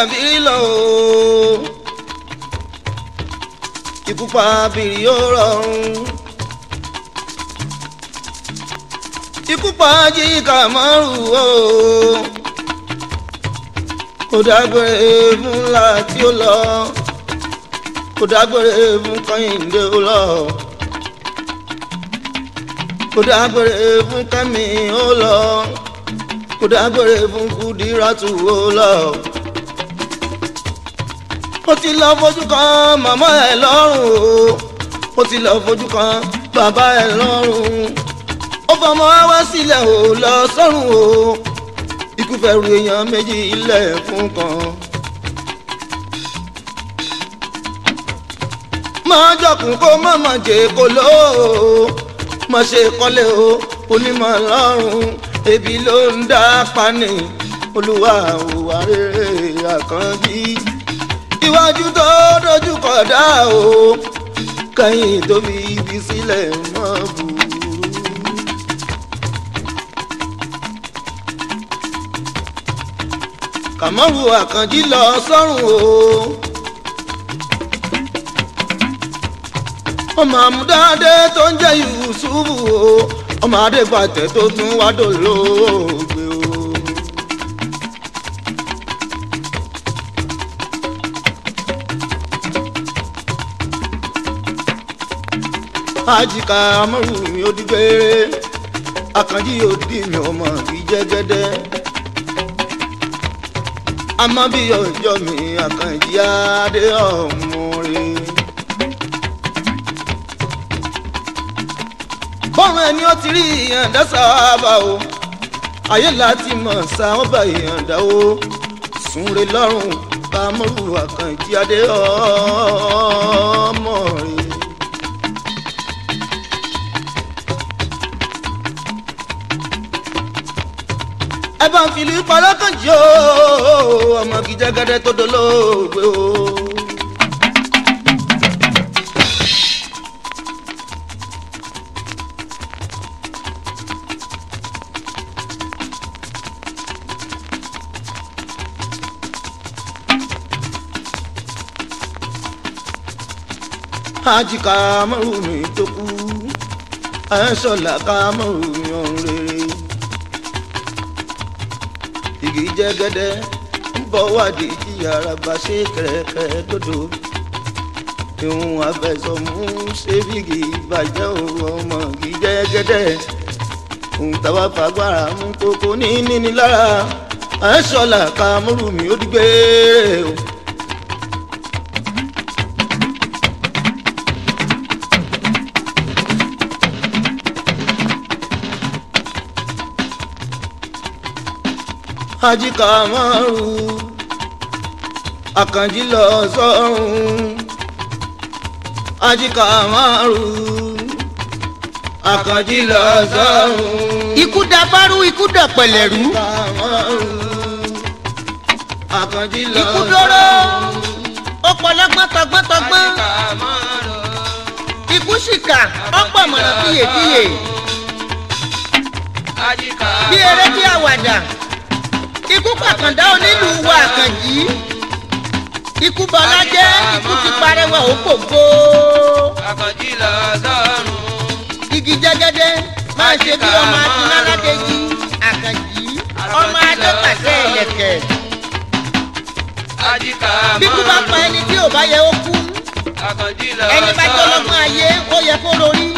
àbí lọ o ikú pa abìrì ó rọrùn ikú pa jíkà márùn o kò dágbére fún ńlá tí ó lọ kò dágbére fún kọ́yìndé ó lọ kò dágbére fún kẹ́mi ó lọ kò dágbére fún kùdíràtù ó lọ ó ti lọ fojú kan màmá ẹ lọ́rùn o ó ti lọ fojú kan bàbá ẹ lọ́rùn ó fọmọ wá sílẹ̀ ò lọ sọ́run o ikú fẹ́rù èèyàn méjì ilẹ̀ fún kan. máa jọkùn kó má má jẹ kó ló o má ṣe kọ́lé o onímọ̀ lọ́rùn ebi ló ń dá pani olúwa ò wá rere iwájú tó dojú kọ dá o kẹ́yìn tó fi ibi sílẹ̀ mọ́ bù. kàmọ́rù àkànjí lọ sọ́run o. ọmọ àmúdáadé tó ń jẹ́ Yusufu o ọmọ adégbàtẹ́ tó tún wá dòlóògbé. ajika amọ̀rù mi ó dìgbére akànjí òdì mi ọmọ ìjẹgẹdẹ amábíyọ ìjọ mi akànjí adé ọmọ rẹ. bọ́ọ̀rùn ẹni ó ti rí ìyànda sábà o ayé láti mọ̀ sáwọn bá ìyànda o súnre lọ́rùn bá amọ̀rù akànjí adé ọmọ ẹ bá ń fìlú palọ́kàn jò ọmọ kìjàgàdẹ tó dolóògbé o. ajika márùn-ún tó kú ẹ sọ̀lá ká márùn-ún ọ̀rẹ́. jẹ́gẹ́dẹ́ ń bọ̀ wádì ìjìyàrá bá ṣe kẹ̀rẹ̀kẹ̀rẹ̀ dòdò ìhun abẹ́sọ̀mú ṣe bígì ìbàjẹ́ òru ọmọ kì í ohun tàbá fagbára mú kókó ní lára kàmúrù mi ó Haji Kamaru Àkànjí lọ sọ́run Haji Kamaru Àkànjí lọ sọ́run. ikú dabaru ikú dapẹlẹru ikú dóró ọ̀pọ̀lọpọ̀ tọgbọ́ntọgbọ́n ikú ṣìkà ọ̀pọ̀ mọ̀ràn fiyèfiyè bí eré bí àwàdà ikú pàkàndá onílùú wa àkànjí ikú bọlájẹ ikú ti parẹwà òkòkò. àkànjí lọ́dọ̀ọ̀rùn. igi jẹ́gẹ́dẹ́ máa ṣe bí ọmọ akínládéjì àkànjí ọmọ adọ́pàṣẹ ẹ̀lẹ̀kẹ̀. bíkú bá pa ẹni tí ò bá yẹ ó kú ẹni bá jọ lọ́mọ ayé ó yẹ kó lórí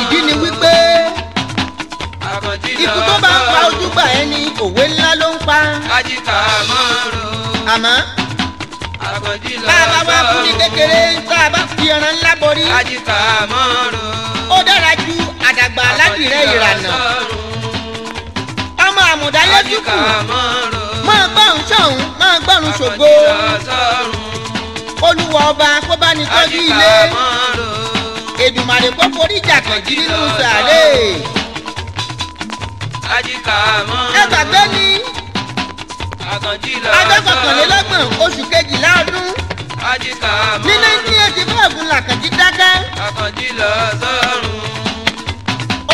ìdí ni wípé ikú tó bá ń pa ojúgbà ẹni òwe ńlá ló ń pa. ajíta márùn. àmọ́ bá a bá wá fún ní kékeré tá a bá fi ẹran ńlá borí. ajíta márùn. ó dára ju àdàgbà aládìrẹ ìrànà. ọmọ àmùdá yójú kù máa gbọ́rùn sọ̀hún máa gbọ́rùn ṣògo. olúwa ọba kó bá ní tọ́jú ilé. Èdùmàrè kó forí jà kàn nínú sàárè ajíkà mọ́ ẹ gbàgbé ni ọjọ́ kọkànlélọ́gbọ̀n oṣù kejìlá ọdún ní nineteen eighty five làkànjí dákẹ́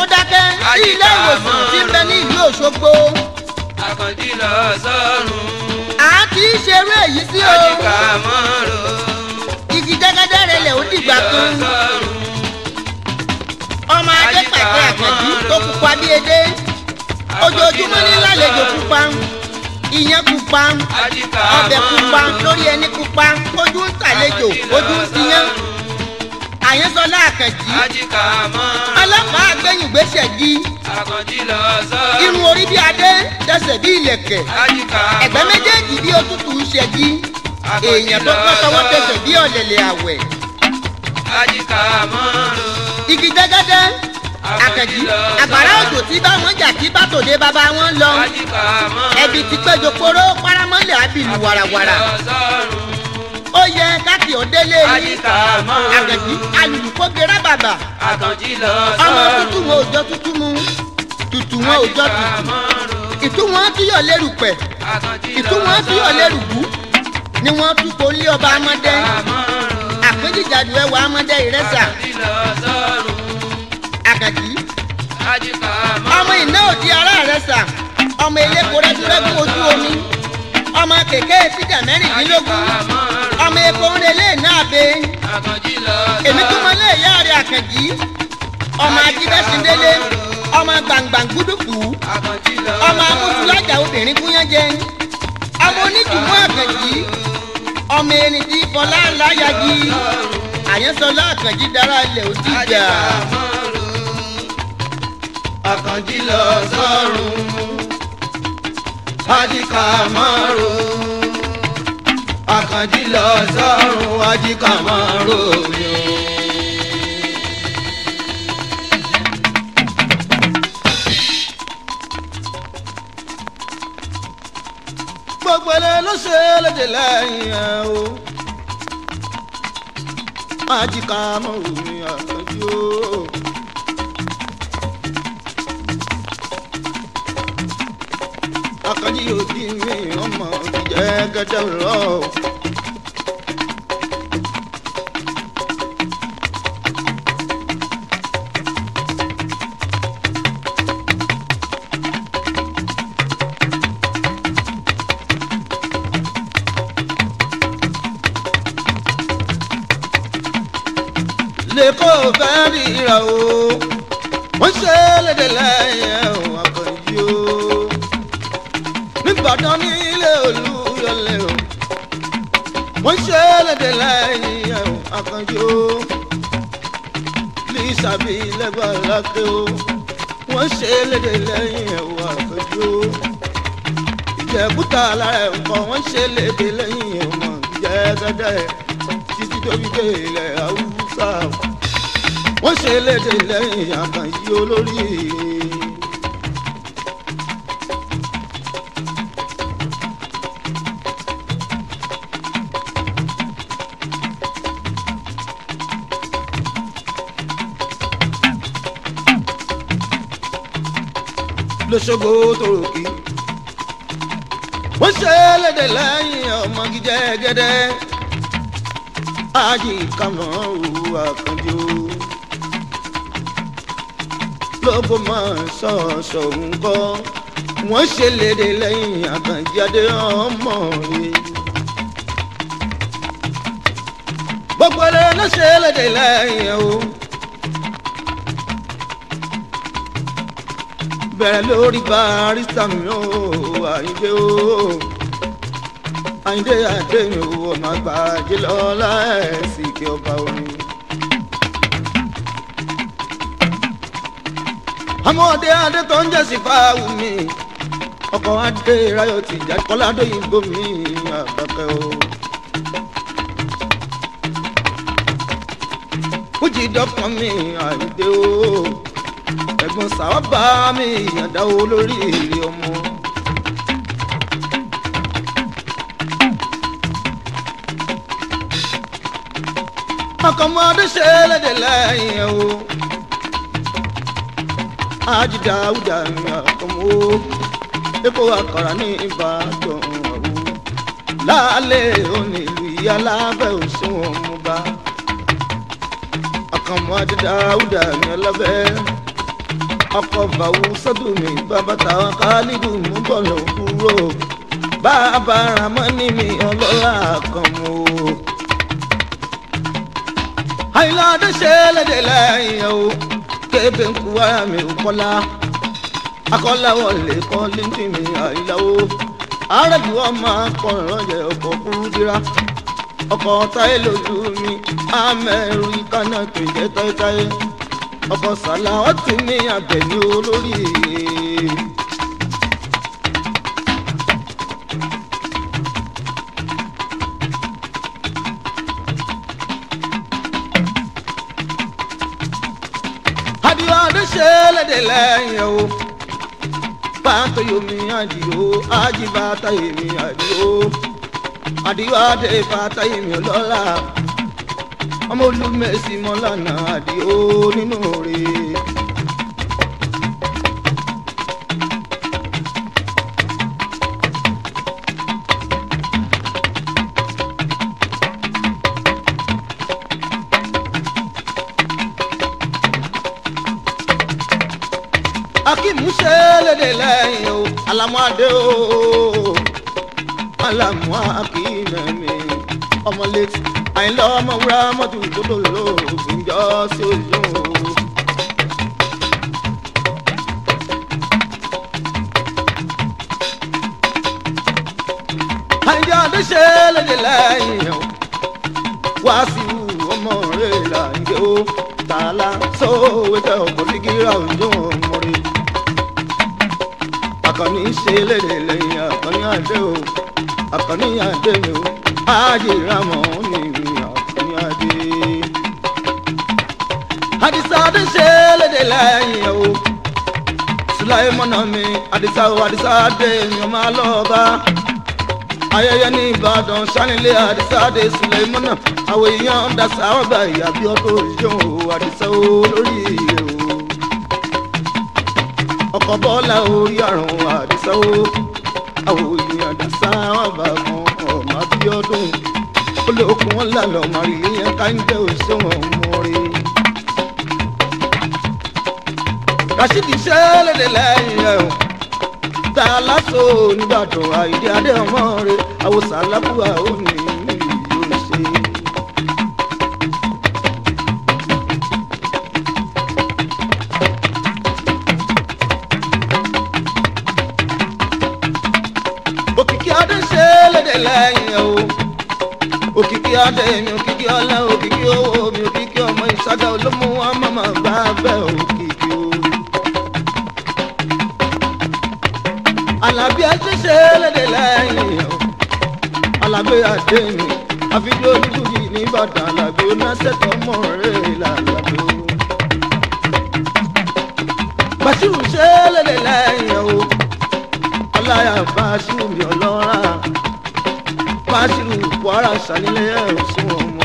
ó dákẹ́ sí ilé ìwòsàn tí ń bẹ ní ìlú Òṣogbo a ti ṣerú èyí sí o igi jẹ́gẹ́dẹ́ rẹ̀ lẹ̀ ó dìgbà kan ọmọ adé pàtẹ àkànjí tó pupa bí edé ojoojúmọ́ ní lálejò pupa ìyẹn pupa ọbẹ̀ pupa lórí ẹni pupa ojú ń tàlejò ojú ń tiyán àyẹ́sọlá àkànjí ọlọ́pàá agbẹ́yìngbẹ́sẹ̀ di irun orí bí adé tẹsẹ̀ bí ìlẹ̀kẹ̀ ẹ̀gbẹ́ méjèèjì bí òtútù ń ṣe di èèyàn tó kọ́ sọwọ́ tẹsẹ̀ bí ọ̀lẹ̀lẹ̀ àwẹ̀ igi jẹ́gẹ́dẹ́ àkànjí àgbàrá òjò tí bá wọn jà kí bá tòde bàbá wọn lọ ẹbí ti péjọ kóró paramọ́lẹ̀ àbìlù wàràwàrà ó yẹ káàkiri òdélé yìí àkànjí alùpùpọ̀gẹ́ rábàbà ọmọ tuntun wọn ò jọ tuntun mu tuntun wọn ò jọ tuntun ìtú wọn fíyọ̀ lérù pẹ̀ ìtú wọn fíyọ̀ lérù bú ni wọ́n tún kò lé ọba amọ́dé àpéjìjàdù ẹwà amọ́dé ìrẹsà àkànjì. ọmọ iná òdi ara rẹ sà ọmọ eléko rẹ́dúrẹ́dú ojú omi ọmọ kèké síjà mẹ́rìndínlógún ọmọ epo ń relé náà be èmi tún mọ léèyá rẹ àkànjì ọmọ ajíbẹ́sindélé ọmọ gbàngbàng gúdùkú ọmọ amúsùlájà obìnrin gúnyánjẹ ọmọ oníjùmọ̀ àkànjì ọmọ erin tí fọlá yagi àyẹ́sọlá àkànjì dára ilẹ̀ òjì jà àkànjí lọ sọ́run ajíkà mọ́rò àkànjí lọ sọ́run ajíkà mọ́rò yìí. gbogbo ẹni ló ṣe léde lẹ́yìn ẹ̀ o. ajíkà mọ́rò ni àkànjí o. jí òdì mi ọmọ ìjẹ́ gẹ́gẹ́ lọ. lẹ́kọ̀ọ́ fẹ́ ríra o wọ́n ṣe lédè lẹ́yìn ẹ̀ wọ́n kàn yí o. Ìbàdàn ní ilé Olúyọ̀lé o wọ́n ṣe lédè lẹ́yìn ẹ̀hún Àkànjí o Lísàbí lẹ́gbàá lákè o wọ́n ṣe lédè lẹ́yìn ẹ̀hún Àkànjí o Ìjẹ̀bútà lára ẹ̀kọ́ wọ́n ṣe lédè lẹ́yìn ẹ̀hún Ìjẹ̀gẹ́dẹ́ títí tóbi dé ilẹ̀ Haúsá wọ́n ṣe lédè lẹ́yìn Àkànjí olórí. lóṣogbo tòròkì. wọ́n ṣe lédè lẹ́yìn ọmọge jẹ́gẹ́dẹ́ ájì kàmọ́ òwú àkànjọ. lọ́bọ̀ máa sọ̀ọ̀sọ̀ ń kọ́ wọ́n ṣe lédè lẹ́yìn àkànjáde ọmọ rẹ̀. gbogbo ẹlẹ́ṣẹ̀ lédè lẹ́yìn o. bẹ̀rẹ̀ lórí barista mi ó àyíndé ó àyíndé àdéhùn owó ọmọ àgbàjẹ lọ́la ẹ̀sìn kí ọba orin. amóhàdé adé tó ń jẹ́ sí fáwù mi ọkọ̀ adé ráyọ̀ ti jà kọ́ládóyìnbó mi àbàkẹ́ o. kújì dọ́kan mi àyíndé ó ẹ̀gbọ́n sábà mi ìyàdá olórí èrè ọmọ. ọkọ̀mọdé ṣe lédè lẹ́yìn ẹ̀ o ajídá awúdà mi àkọ́mọ́ o epo àkàrà ní ìbàdàn ọ̀hún lálẹ́ òní ìlú ìyá lábẹ́ òṣùwọ̀n mú bá ọkọ̀mọdé dáúdà mi ọlọ́bẹ̀ẹ́ ọkọ̀ bàwú sọ́dúnmí bàbá táwọn kálídù mú bọ̀nà kúrò bàbá ramani mi ọlọ́lá kan mú o. àyìnláde ṣe lédè lẹ́yìn o kébé ń kú ara mi ò kọ́lá akọ́láwọ̀ lè kọ́ léńtì mi àyìnláwó àrẹ̀bí wọn máa kọrin lọ́yẹ̀ ọkọ̀ kúrú dira ọkọ̀ táyé lójú mi àmẹ́rù ìkànnà kìí jẹ́ táyé táyé ọ̀bọ̀sálà ọ̀tún ní Àbẹ̀ní olórí. àdìo àdéṣe lédè lẹ́yìn o pàtó yomi àdìo àjìbàtà èmi àdìo àdìo àdè bàtà èmi ọlọ́lá ọmọ olùmẹ̀sì mọ́lánà àdìo nínú rẹ̀. akíìmù ṣe lédè lẹ́yìn o alamu adé o alamu akíìmù mi ọmọ létí àyìnlá ọmọ wúrà mọ́tò gbólóòlò sì ń jọ sí òṣùwọ̀n. àyìnjọ àdéṣe lédè lẹ́yìn wá sí ọmọ rẹ̀ là ń gé ó tààlà sóòwe tẹ ọkọ̀ sígíra òjò mọ́rí. àkànní ṣe lédè lẹ́yìn àkànní àdé o àkànní àdé mi o ájì rámọ̀ ọ́n. dé lẹ́yìn o sùláìmọ̀nà mi àdìsá o àdìsá dé èèyàn máa lọ bá ayẹyẹ ní ìbàdàn sanilé àdìsá dé sùláìmọ̀nà àwọn èèyàn dàsá ọgbà ìyá bí ọdún yóò àdìsá o lórí iye o ọkọ̀ bọ́lá o yàrùn àdìsá o àwọn èèyàn dàsá ọgbà kan ọ̀mà bí ọdún olókùn ọ̀là lọ́ọ́ máa yẹn ká ń jẹ́ òṣèwọ̀n mọ́rin. rasheed iṣẹ́ lédè lẹ́yìn ẹ̀ o ta lásò nígbàdàn àìdí adé ọmọ rẹ àwòsàn alábùwà ò ní ìlú ṣe. òkìkí adé ṣe lédè lẹ́yìn ẹ̀ o òkìkí adé mi òkìkí ọlá òkìkí owó. tèmi àfijó oníbùyí ní bàtà làgbo náà tẹ̀tọ̀ mọ́ rẹ̀ làgbo. Bàṣírù ṣe lélẹ̀ lẹ́yìn o ọláyà Bàṣírù mi ọlọ́ra Bàṣírù Kwara ṣàlílẹ̀ ẹ̀sùn ọmọ.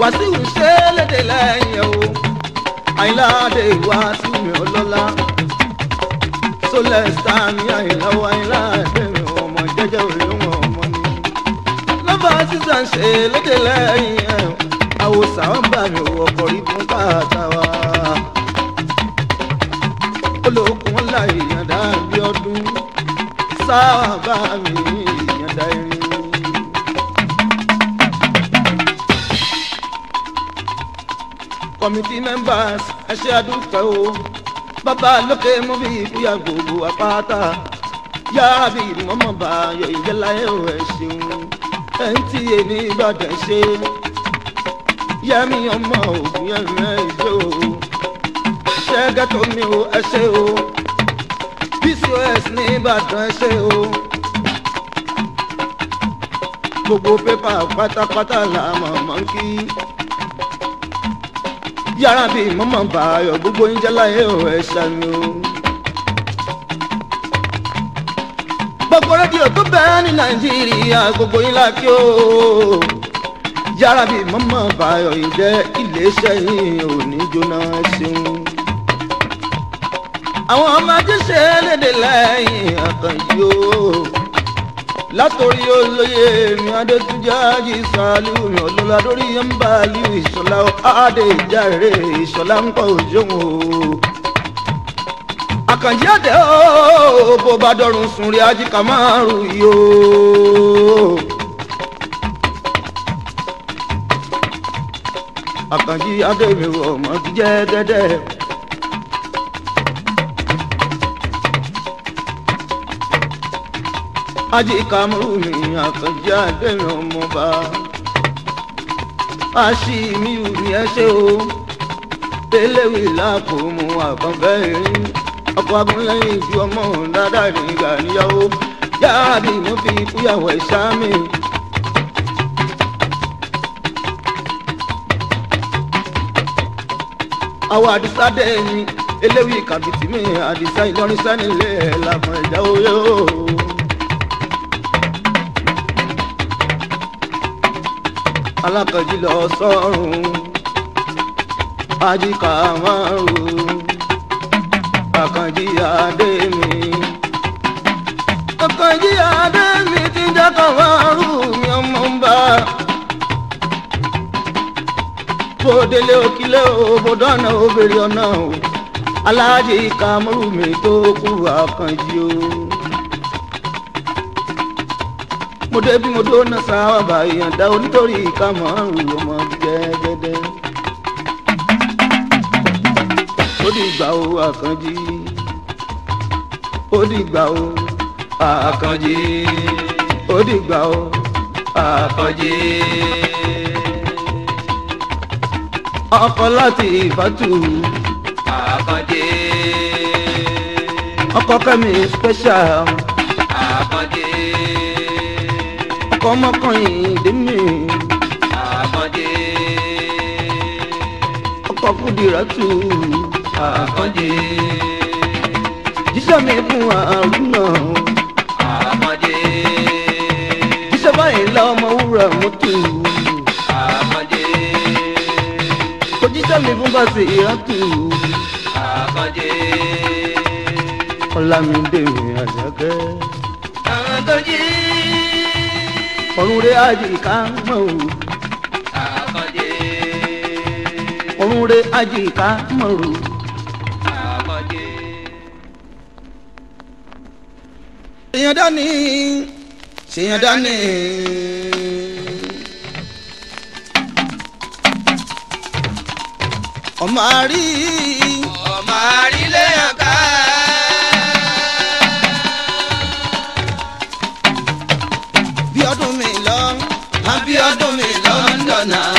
Wàṣírù ṣe lélẹ̀ lẹ́yìn o àyìnlá àdéhùwá sí mi ọlọ́lá so less than me àìlá wa ilá ẹgbẹ́mi ọmọ jẹ́jẹ́ òyìnbó ọmọ ni. lọ́ba sísan ṣe lédè lẹ́yìn ẹ̀ àwòsà ń bà mí òwò ọkọ̀ rí fún tààtà wa. olókun ńlá ìyàndá bí ọdún sáà bá mi ìyàndá irin. committee members ẹ ṣe àdúpẹ́ o bàbá lókè mú bí ìpínyà gbogbo àpáta yára bí mọ́mọ́ bá yọ ìjẹ́lá ẹ̀rọ ẹ̀ ṣeun ẹ̀ ń tí èmi gbọ́dọ̀ ṣe yẹ́mi ọmọ ògùn ẹ̀rẹ́ ìjọ ṣẹ́gẹ́tò mi ò ẹ ṣe o pcos ní ìbàdàn ẹ ṣe o gbogbo pépà pátápátá làwọn mọ̀ ń kí yàrá bíi mọ́mọ́ bàáyọ̀ gbogbo yín jẹ́ láyé ò ẹ ṣàánú. gbogbo rédíò tó bẹ́ẹ̀ ní nàìjíríà gbogbo yín láti ó yàrá bíi mọ́mọ́ bàáyọ̀ ìjẹ́ iléeṣẹ́ yín ò ní jóná ṣeun. àwọn ọmọ ajíṣe lédè lẹ́yìn àkànjì ó látòrí olóyè mi adétúnjá jí sàálù mi ọlọ́lá lórí ẹ̀ ń bá àlù ìṣọ̀lá àádé ìjà rere ìṣọ̀lá ń pọ̀ òjòwò. àkànjí àtẹ ó bó bá dọ̀rùn sùn rí ajíkà márùn yìí ó. àkànjí àtẹ mi wọ̀ ọmọ jíjẹ́ dẹ́dẹ́. ajì kàmúrù ni àtọ̀jẹ́ àdéhùn ọmọba àṣì mi ò ní ẹ ṣe o eléwì làkó mu àkànfẹ́ yìí ọkọ̀ agúnlẹ́yìn ju ọmọ dáadáa ìgbà níyàwó yáàbí mo fi kúyàwó ẹ̀ ṣáá mi. àwọn àdìsá dé ni eléwì kàbìtì mi àdìsá ìlọrin sẹ́nilẹ̀ làmọ̀ ẹ̀dá oyè o. alákànjí lọ sọ́run ajíkà márùn àkànjí adé mi àkànjí adé mi ti ń jákà márùn mi ọmọ ń bá bòdélé òkìlẹ òbòdánà obìnrin ọ̀nà o aláàjì kàmúrù mi tó kú àkànjí o. mo dé bí mo dó ná sáwà báyìí àdá onítorí ìka márùn ọmọ jẹ́gẹ́dẹ́. ó di ìgbà o àkànjí ó di ìgbà o àkànjí ó di ìgbà o àkànjí. ọkọ láti ìfàtù àkànjí. ọkọ kẹ́mi special. ọkọmọkànyìn dèmí. àkànjẹ. ọkọ Kudiratu. àkànjẹ. jíṣẹ́ mi fún àrùn náà. àkànjẹ. jíṣẹ́ báyìí la ọmọ wúrà mọ́tò. àkànjẹ. kò jíṣẹ́ mi fún bàṣẹ ìrántí. àkànjẹ. ọlámídé mi àjàkẹ́. àkànjẹ ọ̀run rẹ̀ àjì ká mọ̀ o. àkànjẹ. ọ̀run rẹ̀ àjì ká mọ̀ o. àkànjẹ. ṣèyàn dání ṣèyàn dání. ọmọ àrí. ọmọ àrí lẹ́yìn ká. London is London.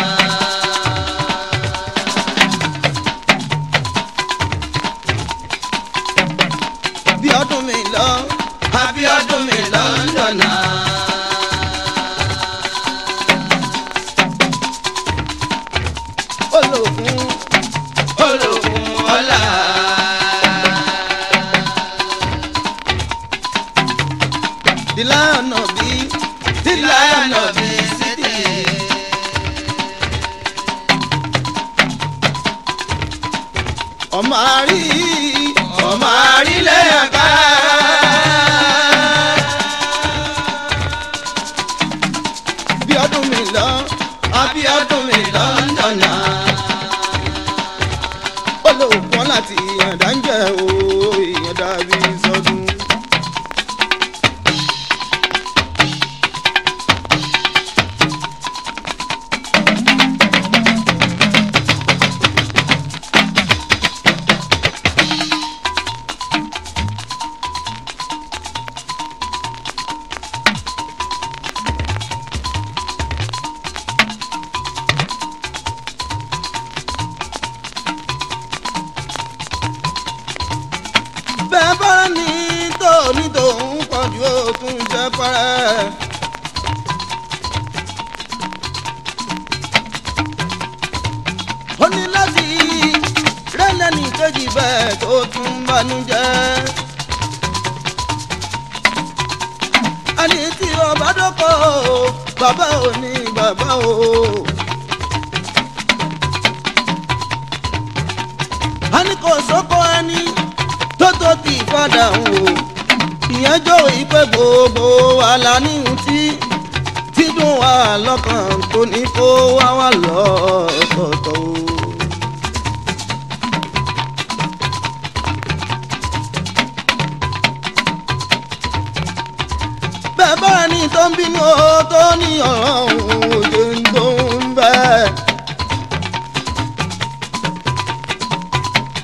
ń bínú tó ní ọ̀ràn òjò tó ń bẹ́.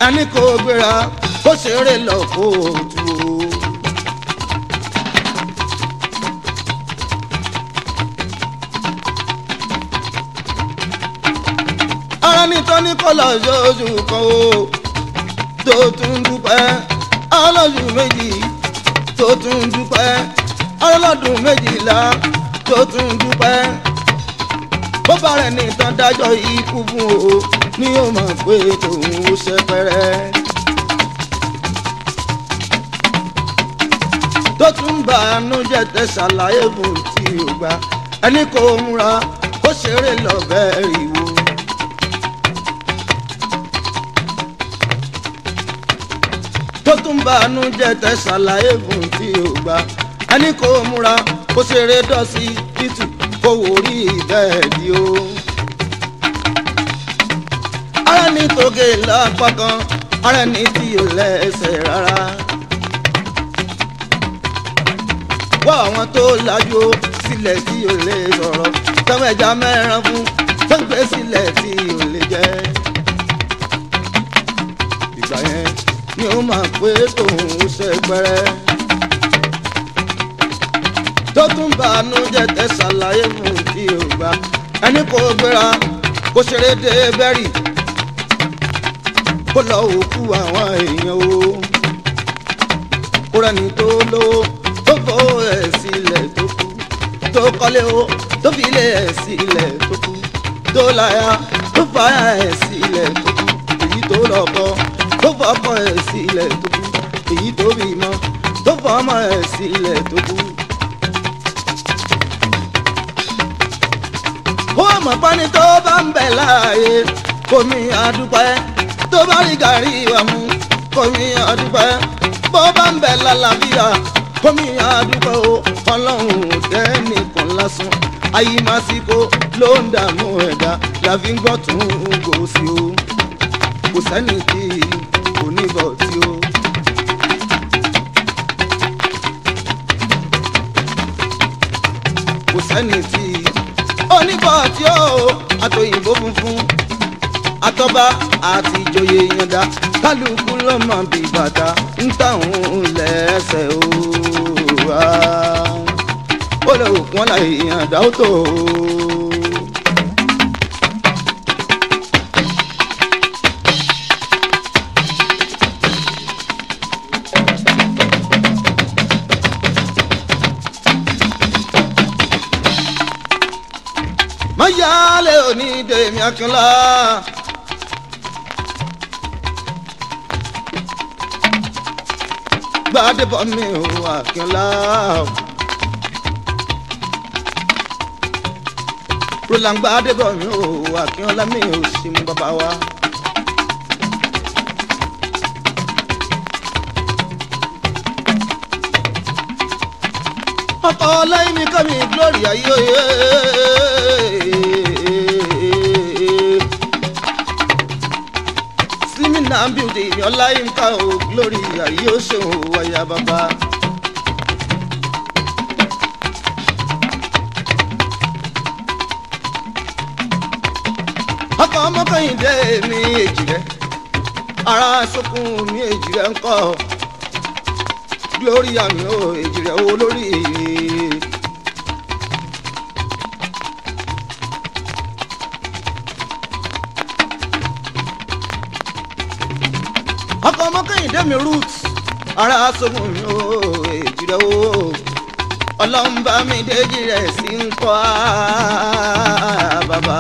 a ní kó gbéra kó ṣeré lọ kó tu o. ara ní tó ní kó ṣoṣù kan o tó tún dúpẹ́ ọlọ́ṣù méjì tó tún dúpẹ́ ọlọ́dún méjìlá tó tún dúpẹ́ bó bá rẹ̀ nìkan dájọ́ ikú fún o ni yóò mọ̀ pé tòun ó ṣe pẹ́rẹ́. tó tún bá ànújẹ́ tẹ ṣàlàyé fún tí o gbà ẹni kò múra kó ṣeré lọ́bẹ̀ẹ́ rí wo. tó tún bá ànújẹ́ tẹ ṣàlàyé fún tí o a ní kó múra kó ṣeré dọ́sí títù kó wò rí ìtẹ́ẹ̀dì o. ara ní tòkè lápá kan ara ní tí ò lẹ́sẹ̀ rárá. wá àwọn tó lajú o sílẹ̀ tí ò lè sọ̀rọ̀ tẹ́wọ́n mẹ́ran fún tó sílẹ̀ tí ò lè jẹ́. ìgbà yẹn ni ó máa pé tòun ṣe pẹ́rẹ́ tó tún bàánú jẹ́ tẹ́ ṣàlàyé mú tí ò gbà ẹni kò gbéra kó ṣeré dé bẹ́rì kó lọ òkú àwọn èèyàn o kó rẹni tó lówó tó fowó ẹ̀ sílẹ̀ tó kú tó kọ́lé o tó fi ilé ẹ̀ sílẹ̀ tó kú tó láya tó fàyà ẹ̀ sílẹ̀ tó kú èyí tó lọ́kọ tó fọkọ ẹ̀ sílẹ̀ tó kú èyí tó bímọ tó fọmọ ẹ̀ sílẹ̀ tó kú. mọ̀ pọ́ni tó bá ń bẹ̀ láàyè kòmí àdúpẹ́ tó bá rí gàrí ìwà mu kòmí àdúpẹ́ bó bá ń bẹ̀ lálàbíyà kòmí àdúpẹ́ o ọlọ́run ò dẹ́ni kan lásán ayé màsíkò ló ń dààmú ẹ̀dá làfi ń gbọ́ tún gòsì o kò sẹ́ni tí kò ní bọ̀ tí o. kò sẹ́ni tí oníkọ̀ọ̀tì o àtòyìnbó funfun àtọba àti ìjòyè yànda kálukú ló mọ bí bàtà ń tàwọn lẹ́sẹ̀ o. ó lè òkun ọ̀la èèyàn dáwọ́ tó o. lálẹ́ òní dèmí akínlá. gbàdébọ̀ mi ò akínlá. rólàǹgbà débọ̀ mi ò akínlá mi ò sì mú bàbá wa. ọkọ ọlẹ́yìn mi kọ́ mi gloria yóò yẹ. and beauty ọláyínká o glory ayé show ṣeun Baba. aya bàbá. ọkọ ọmọkànyìndé mi èjì ara sókun mi èjì ń kọ glory àmì o oh, èjì rẹ oh, olórí. mi root ara sọ̀rọ̀ mi ò èjì rẹ̀ o ọlọ́mbà mi déjì rẹ̀ sí ń kọ́ bàbá.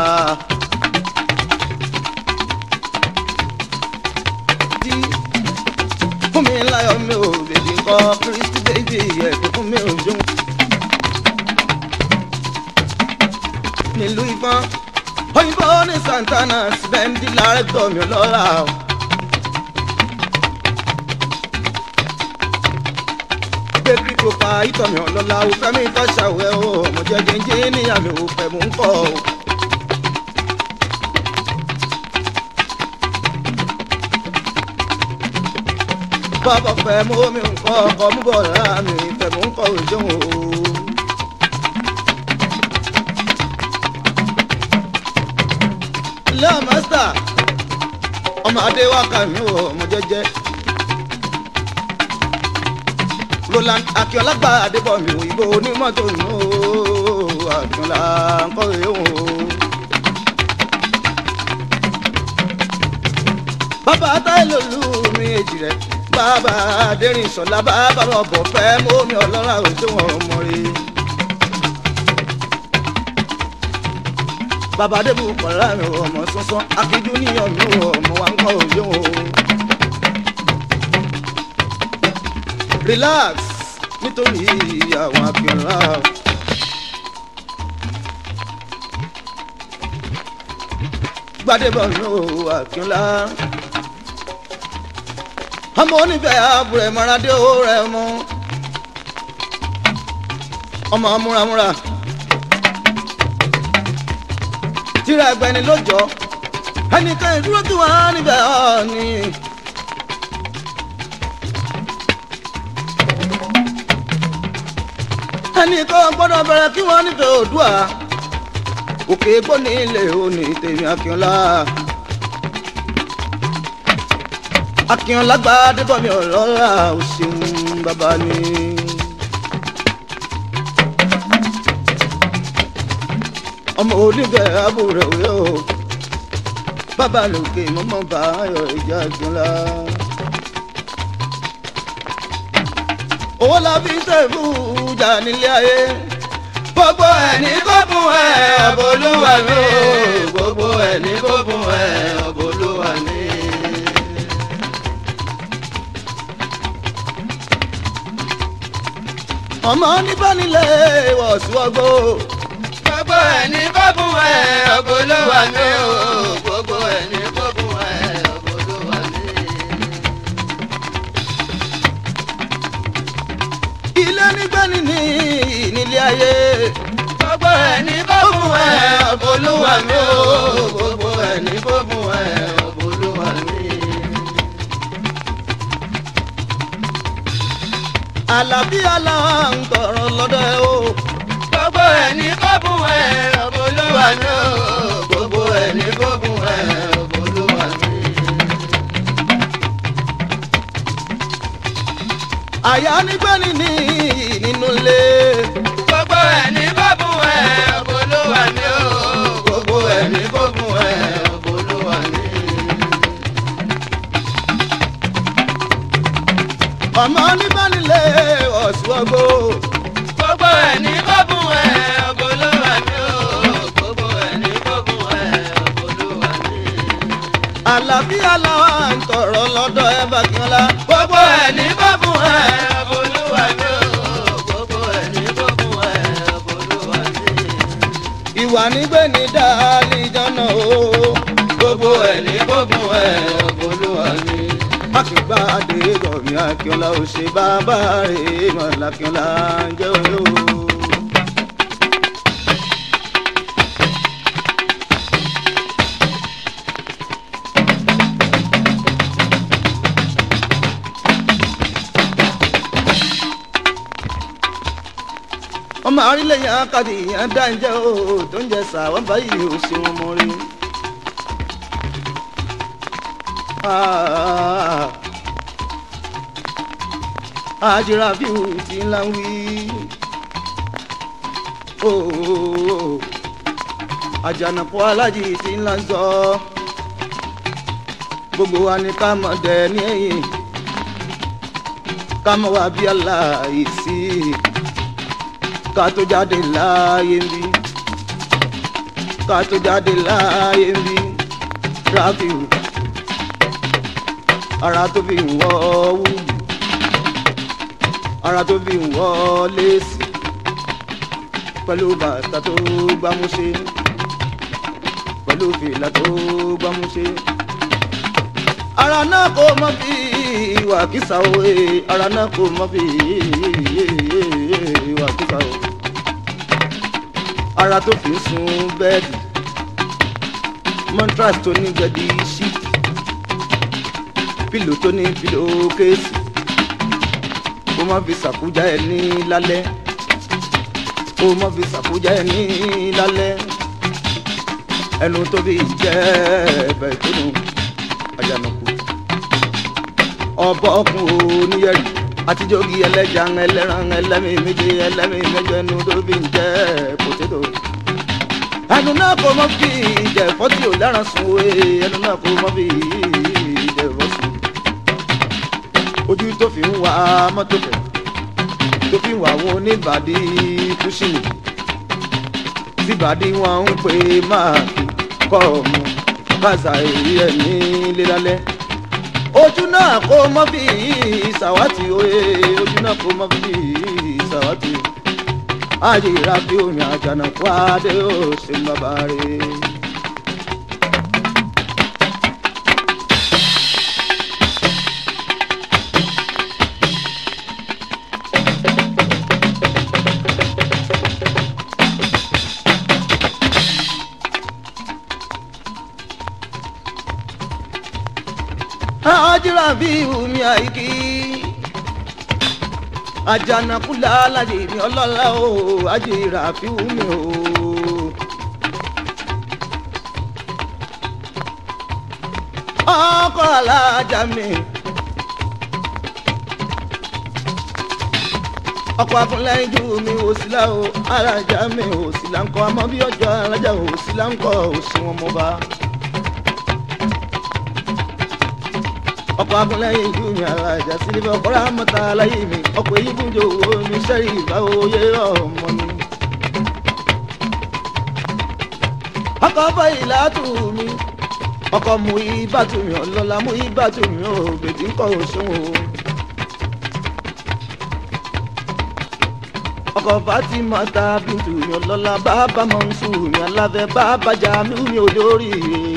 fún mi láyọ̀ mi ò bèbí kọ́ Kristi déjì ẹ̀kọ́ fún mi ò jó. nílùú ìbọn òyìnbó ní Santana síbẹ̀ ń di lárẹ́ tọ̀ mí lọ́la o. bẹ́bí kò pa ìtọ̀mí ọlọ́lá o fẹ́mi tọ́ṣà o ẹ o mo jẹ́ jẹ́njẹ́ níyàmí o fẹ́ mú kọ́ o. bọ́bọ̀ fẹ́ mú omi nǹkan ọkọ̀ mú bọ̀ rárá mi fẹ́ mú kọ́ òjò o. lọ́ọ̀ mọ́sítà ọmọ adé wákàmí o mo jẹ́jẹ́. Roland Akíọ́lá gba Adébọ̀mí òyìnbó onímọ́tò nù ó àdúrà ńkọ́ èèwọ̀. bàbá táìlòlù mi èjì rẹ̀ bàbá adérìn sọ̀lá bàbá ọ̀bọ̀ fẹ́ mómi ọlọ́ra òjò wọn mọ̀ rí. bàbá débù kọ̀ọ̀lá mi ò mọ̀ sọ́sọ́ akíjú níyàn mi ò mọ̀ wá ń kọ́ òjò wọn. relax nítorí àwọn akínra. gbadebo nù akínla ọmọ onífẹ̀ẹ́ àbúrẹ̀ mọ́radé owó rẹ̀ mú ọmọ múramúra tíra ẹgbẹ́ni lójọ́ ẹnìkan ìdúró tí wọ́n á níbẹ̀ ọ́ ni. ẹnì kan gbọ́dọ̀ bẹ̀rẹ̀ kí wọ́n ní tòdúà òkè gbóni ilé òní tèmi akínọlá akínọlá gba adébọmi ọlọ́lá ó ṣeun bàbá mi. ọmọ oníbẹ̀ abúrẹ̀ òyò bàbá lòkè mọ́mọ́ bá ayọ̀ ìjà akínọlá. owó la fi ṣèlú ìjà nílé ayé gbogbo ẹ̀ ní kó fún ẹ̀ ọ̀bọ̀lúwa mi gbogbo ẹ̀ ní kó fún ẹ̀ ọ̀bọ̀lúwa mi. ọmọ níbánilẹ̀ ìwọ̀sùn ọgbó gbogbo ẹ̀ ní kó fún ẹ̀ ọ̀bọ̀lúwa mi ayé. gbogbo ẹni bó fún ẹ ọ̀bọ̀lúwa mi o gbogbo ẹni bó fún ẹ ọ̀bọ̀lúwa mi. àlàbí àlà ń tọrọ lọ́dọ̀ ẹ o. gbogbo ẹni bó fún ẹ ọ̀bọ̀lúwa mi o gbogbo ẹni bó fún ẹ ọ̀bọ̀lúwa mi. àyà nígbẹ́ni ní nínú ilé. akínọlá ò ṣe bàbá rẹ̀ mọ̀lá akínọlá ń jẹ́ olówó. ọmọ àrílẹ̀yìn akadì yẹn dáńjẹ́ o tó ń jẹ sàwọn báyìí ò ṣe wọn mọ́ rí. Ah, àjẹrà bí òun ti ń láwí. àjànàkú alájì ti ń lá ń sọ gbogbo wa ni ká mọ̀ dẹ̀ ní ẹ̀yìn ká mọ̀ wá bí aláìsí ká tó jáde láàyè ń bí ká tó jáde láàyè ń bí ráfíù ara tó fi ń wọ́ wúwo ara tó fi wọ́n léèsì pẹ̀lú bàtà tó gbámúṣé pẹ̀lú fìlà tó gbámúṣé ara náà kò mọ bí ìwà kìsà o ara náà kò mọ bí ìwà kìsà o ara tó fi sun bẹ́ẹ̀dì mọ́ńtrás tó ní gbẹ̀dì ṣíìtì pílò tó ní pílò kéèsì kó má fi sàkújá ẹni lálẹ́ kó má fi sàkújá ẹni lálẹ́ ẹnu tóbi jẹ́ ẹ̀bẹ̀ ìtùnú àjànàkú ọ̀bọ ọkùnrin oníyẹ̀rì àtijọ́gi ẹlẹ́jà ẹlẹ́ran ẹlẹ́mìí méje ẹlẹ́mìí méje ẹnu tóbi jẹ́ pòtẹ́tò ẹnu náà kò mọ́ fi ìjẹ̀fọ́ tí ò lẹ́ran sùn wé ẹnu náà kò mọ́ fi yìí ojú tó fi ń wa mọ́tò fẹ̀ tó fi ń wà wo níbàdí kùsìnì síbàdí wọn ń pè máàkì kọ́ ọ̀mù kásà èyí ẹ̀ ní lélálẹ́ ojú náà kó mọ́ bí sàwátì oye ojú náà kó mọ́ bí sàwátì ayé ìrábí orin àjànàkú adé ó ṣe ń bàbá rẹ̀. ajira bí omi àìkí àjànàkú làálàjì mi ọlọ́lá o ajira bí omi o. ọkọ alájà mi ọkọ akúnlẹ́yìn ju mi òsìlá o alájà mi òsìlá ńkọ àmọ́ bí ọjọ́ alájà òsìlá ńkọ òsùn ọmọba. ọkọ̀ akúnlẹ́yìn ìlú mi alájà sílífẹ̀ ọkọ̀ rámọ́ta aláyé mi ọkọ̀ èyí gúnjò owó mi sẹ́rí ìgbà oyè ọmọ mi. ọkọ̀ ọba ìlà tù mí ọkọ̀ mú ibà tù mí ọlọ́lá mú ibà tù mí ò gbèdì ń kọ́ òṣùwọ̀n o. ọkọ̀ fatima ta bíntu mi ọlọ́lá bàbá mọ̀ ń sùn mi aláfẹ́ bàbá jà mí ò ní olórí rẹ̀.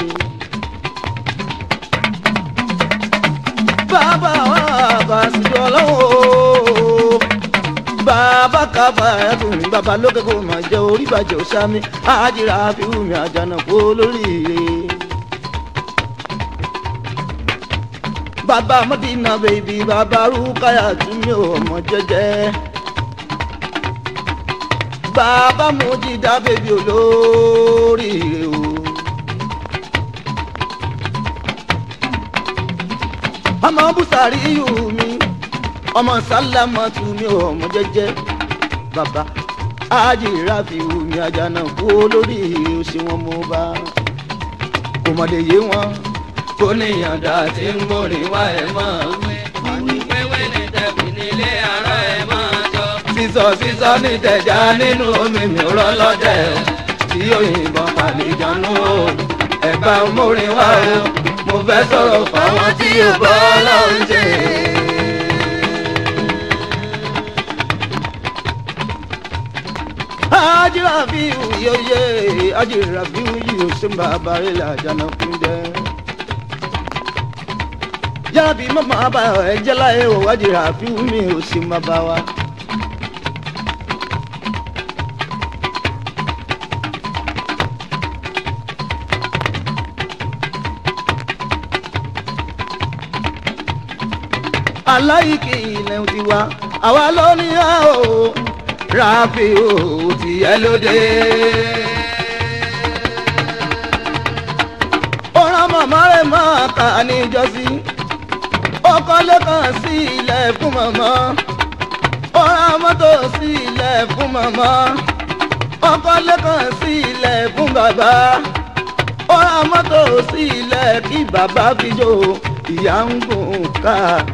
baba, wa kàṣíjọ lọ́wọ́ baba, kaba ẹ̀dùn baba, lókè kò mà jẹ́ orí bàjẹ́ òsámi àjìrà fíwùmí àjànà kó baba, bàbá mọ́dínà baba, bàbá rúkàyà tún mi ò mọ̀ jẹ́jẹ́ baba, mojì dá bèbí olóríire o. ọmọ busari iyù mi ọmọ sálámà tù mí ọmọ jẹ́jẹ́ bàbá ájì ráfíù mi àjànà kú olórí òsì wọn mo bá kò mọ̀ lè yé wọn. kó níyàn dá tí ń borí wá ẹ̀ mọ́ mi wẹ́wẹ́ ní tẹ̀bí nílé ara ẹ̀ mọ́ jọ. sísọ sísọ ní tẹ̀já nínú omi mi rọ́ lọ́dẹ̀ tí òyìnbọn pàlìjànú ẹ̀ bá ń borí wá o mo fẹ́ sọ̀rọ̀ fáwọn tí ò bọ́ lọ́hùn ṣe. Aji Rabiu yeye, Aji Rabiu yìí ò sí bàbá rẹ̀ làjànà kún jẹ́. Yàrá bí màmá o, Aji Rabiu mi ò sí bàbá wa. aláìkí ilẹ̀ ti wá àwa ló ní á o rábì o tìyẹ́ lóde. ó rán màmá rẹ̀ máa kà níjọ́sí ó kọ́lé kan sí ilẹ̀ fún màmá ó ra mọ́tò sí ilẹ̀ fún màmá ó kọ́lé kan sí ilẹ̀ fún bàbá ó ra mọ́tò sí ilẹ̀ kí bàbá fi jó ìyá ń gùn káà.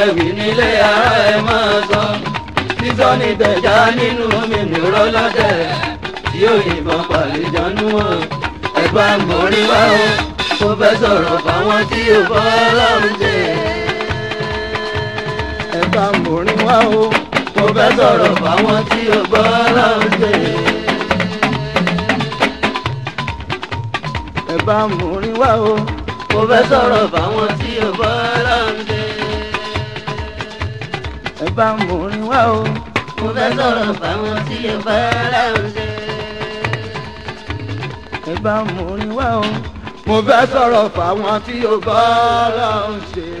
tẹ̀wì nílé ara ẹ máa sọ. sísọ ní tẹ̀já nínú mi nìró lọ́tẹ̀ tí ó yìnbọn pàlejànú o. ẹ̀gbá mòrí wá o mo fẹ́ sọ̀rọ̀ fáwọn tí o, bọ́ ọlọ́run ṣe. ẹ̀gbá mòrí wá o mo fẹ́ sọ̀rọ̀ fáwọn tí ò bọ́ ọlọ́run ṣe. ẹ̀gbá mòrí wá o mo fẹ́ sọ̀rọ̀ fáwọn tí ò bọ́ ọlọ́run ṣe bá mò ń wá o. mo fẹ́ sọ̀rọ̀ fáwọn tí ẹ bá rà ń ṣe. ẹ bá mò ń wá o. mo fẹ́ sọ̀rọ̀ fáwọn tí ò bá rà ń ṣe.